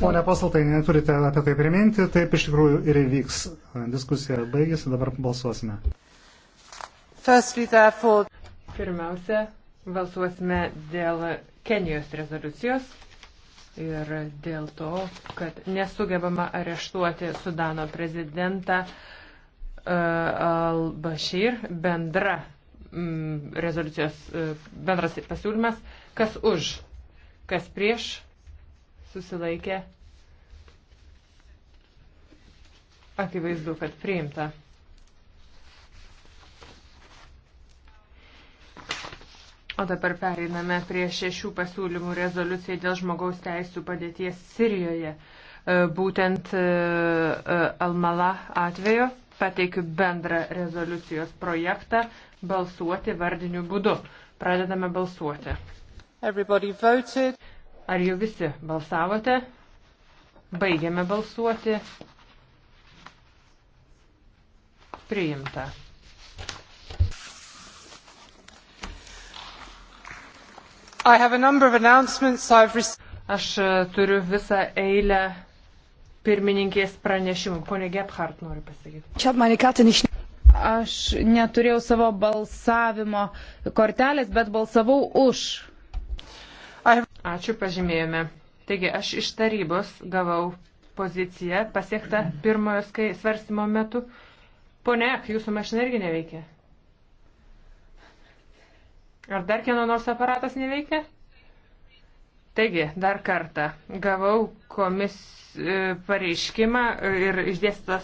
Pone Pasaltai, neturite apie tai priminti, taip iš tikrųjų ir įvyks. Diskusija baigėsi, dabar balsuosime. Pirmiausia, balsuosime dėl Kenijos rezoliucijos ir dėl to, kad nesugebama areštuoti Sudano prezidentą uh, al-Bashir bendra mm, rezoliucijos, uh, bendras pasiūlymas, kas už, kas prieš susilaikė. Akivaizdu, kad priimta. O dabar pereiname prie šešių pasiūlymų rezoliucijai dėl žmogaus teisų padėties Sirijoje. E, būtent e, e, Almala atveju pateikiu bendrą rezoliucijos projektą balsuoti vardiniu būdu. Pradedame balsuoti. Ar jau visi balsavote? Baigiame balsuoti. Priimta. Aš e, turiu visą eilę pirmininkės pranešimų. Pone Gebhardt nori pasakyti. Aš neturėjau savo balsavimo kortelės, bet balsavau už. Ačiū, pažymėjome. Taigi, aš iš tarybos gavau poziciją pasiektą pirmojo svarstymo metu. Pone, jūsų mašina irgi neveikia. Ar dar kieno nors aparatas neveikia? Taigi, dar kartą gavau komis e, pareiškimą ir išdėstas